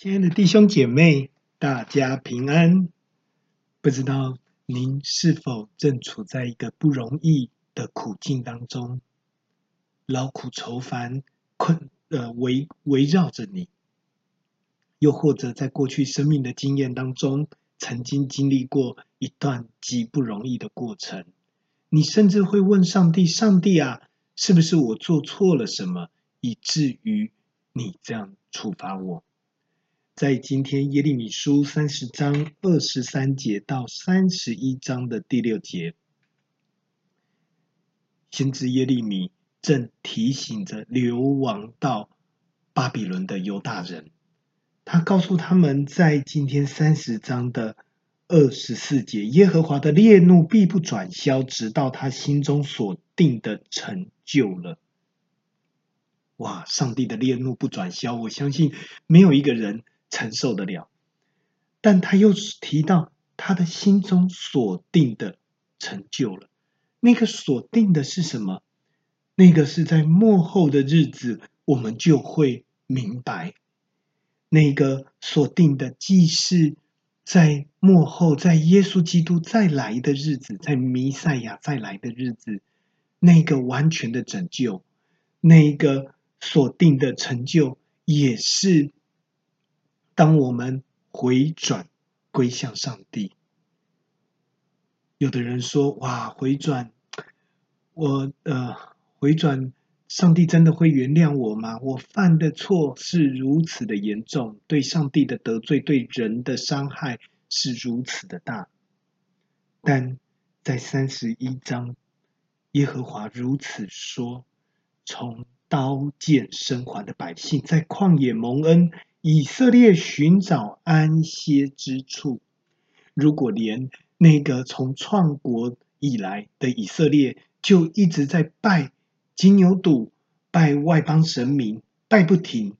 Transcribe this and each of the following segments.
親愛的弟兄姐妹，大家平安。不知道您是否正處在一個不容易的苦境當中，勞苦愁煩困，困，呃，圍，圍繞着你，又或者在過去生命的經驗當中，曾經經歷過一段極不容易的過程。你甚至會問上帝：上帝啊，是不是我做錯了什麼，以至於你這樣處罰我？在今天耶利米書三十章二十三節到三十一章的第六節，先知耶利米正提醒着流亡到巴比倫的猶大人，他告訴他們，在今天三十章的二十四節，耶和華的烈怒必不轉消，直到他心中所定的成就了。哇，上帝的烈怒不轉消，我相信沒有一個人。承受得了，但他又提到他的心中所定的成就了。那個所定的是什麼？那個是在末後的日子，我們就會明白。那個所定的，既是在末後，在耶穌基督再來的日子，在彌賽亞再來的日子，那個完全的拯救，那個所定的成就，也是。當我們回轉歸向上帝，有的人說：“哇，回轉，我呃，回轉，上帝真的會原諒我嗎？我犯的錯是如此的嚴重，對上帝的得罪，對人的傷害是如此的大。”但在三十一章，耶和華如此說：“從刀劍生還的百姓，在曠野蒙恩。”以色列尋找安歇之處。如果連那個從創國以來的以色列就一直在拜金牛犢、拜外邦神明、拜不停，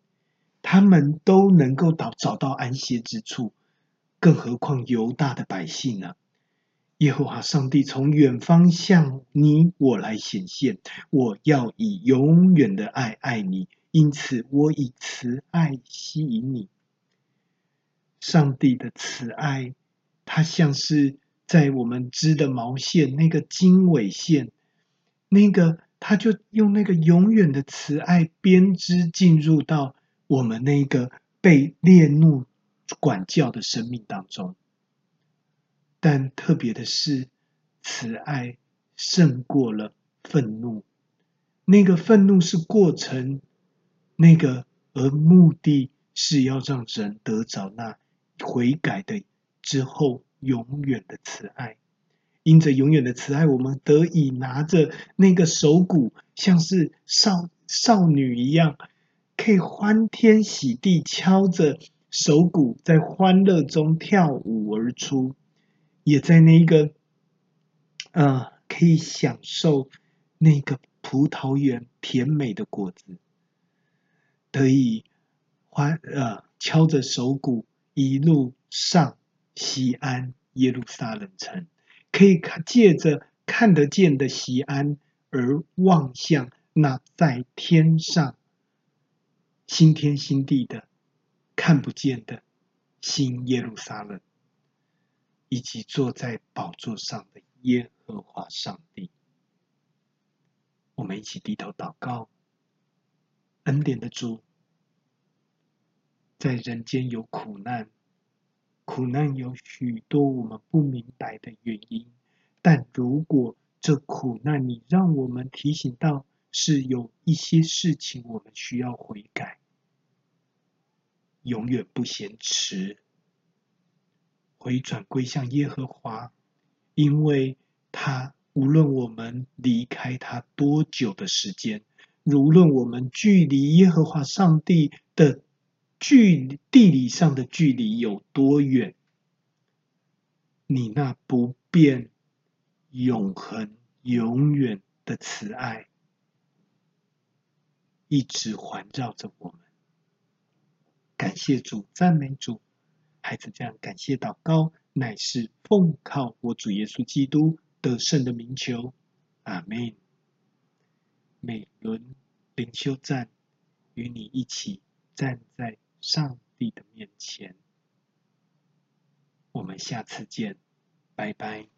他們都能夠到找到安歇之處，更何況猶大的百姓呢、啊？耶和華上帝從遠方向你我來顯現，我要以永遠的愛愛你。因此，我以慈愛吸引你。上帝的慈愛，它像是在我們織的毛線那個經緯線，那個他就用那個永遠的慈愛編織進入到我們那個被烈怒管教的生命當中。但特別的是，慈愛勝過了憤怒。那個憤怒是過程。那個，而目的是要讓人得着那悔改的之後，永遠的慈愛。因着永遠的慈愛，我們得以拿着那個手鼓，像是少少女一樣，可以歡天喜地敲着手鼓，在歡樂中跳舞而出，也在那個，啊、呃，可以享受那個葡萄園甜美的果子。得以歡呃、敲着手鼓，一路上錫安耶路撒冷城，可以看借着看得見的錫安，而望向那在天上新天新地的看不見的新耶路撒冷，以及坐在寶座上的耶和華上帝。我們一起低頭禱告。恩典的主，在人間有苦難，苦難有許多我們不明白的原因。但如果這苦難你讓我們提醒到，是有一些事情我們需要悔改，永遠不嫌遲，回轉歸向耶和華，因為他無論我們離開他多久的時間。無論我們距離耶和華上帝的距離，地理上的距離有多遠，你那不變、永恆、永遠的慈愛，一直環繞着我們。感謝主，讚美主，孩子這樣感謝禱告，乃是奉靠我主耶穌基督得勝的名求，阿門。美崙靈修站，與你一起站在上帝的面前。我們下次見，拜拜。